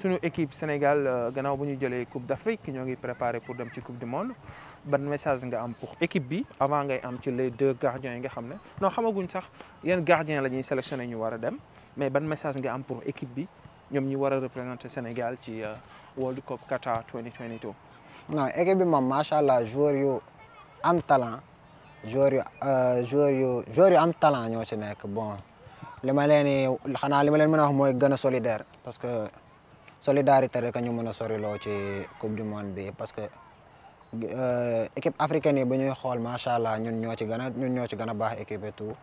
suñu équipe Sénégal euh, gannaaw bu ñu jëlee Coupe d'Afrique ñoo ngi préparé pour dem ci Coupe du Monde ban message nga am pour équipe bi avant ngay am ci les deux gardiens yi nga xam ne no non xamaguñ sax yan gardien la ñuy sélectionné ñu war a dem mais ban message nga am pour équipe bi ñoom ñu war a représenté Sénégal ci euh, World Cup Qatar 2022. non équipe bi moom macha allah joueur yu am talent joueur yu euh, joueur yu joueur yu am talent ñoo ci nekk bon li ma leen xanaa li ma leen mën a wax mooy gën a solidaire parce que. solidarité rek a ñu mën a soriloo ci coupe du monde bi parce que euh, équipe africaine yi ba ñuy xool macha allah ñun ñoo ci gën a ñun ñoo ci gën a baax équipe et tout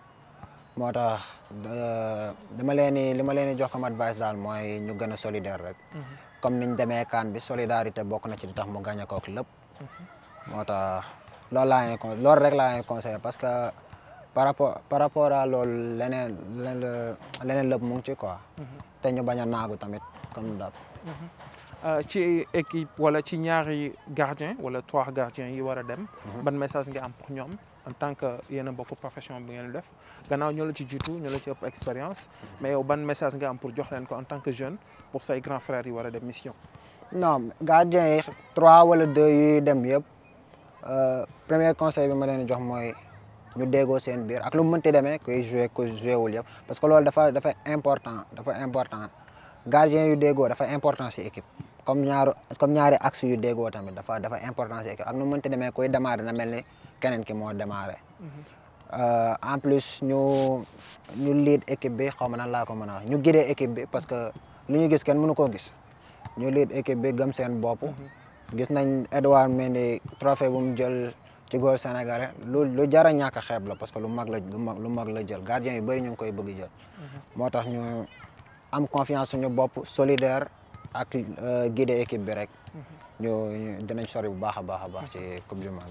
moo tax euh, dama leen di li ma leen di jox comme advice daal mooy ñu gën a solidaire rek. Mm-hmm. comme niñ demee kaan bi solidarité bokk na ci di tax mo gagné kook lépp. Mm-hmm. moo tax loolu laa leen conseillé loolu rek laa leen conseillé parce que. par rapport par rapport à loolu leneen leneen lépp mu ngi ci quoi. Mhm. te bañ a naagu tamit comme dab. Mhm. Euh, ci équipe wala ci ñaaxi gardien wala trois gardiens yi war a dem. Mhm. ban message nga am pour ñoom en tant que yéen a bokk profession bi ngeen def gannaaw ñoo la ci jiitu ñoo la ci mais yow ban am pour jox leen ko en tant que jeune pour say grands frères a dem mission. non gardien yi wala deux dem yëpp euh, premier conseil bi ma leen jox mooy. ñu déggoo seen biir ak lu mu mënti demee kuy joué ku joué wul yëpp parce que loolu dafa dafa important dafa important si équipe comme ñaari axe yu déggoo tamit dafa important si équipe ak nu mu mënti demee kuy démarré na mel ni keneen ki moo démarré. Euh, en plus ñu lead équipe bi xaw nan laa ko mën a wax ñu guider équipe bi parce que ñu gis kenn mënu koo gis ñu lead équipe bi gëm seen bopp. Mhm. gis nañ Edouard Mendy trophée bu mu ci góor sénégal lu lu jara ñàkk a xeeb la parce que lu mag la lu mag lu mag la jël gardien yu bëri ñu ngi koy bëgg jël. Mhm. moo tax ñu am confiance suñu bopp solidaire ak euh, guider équipe bi rek. Mhm. ñu dinañ sori bu baax a baax a baax ci coupe du monde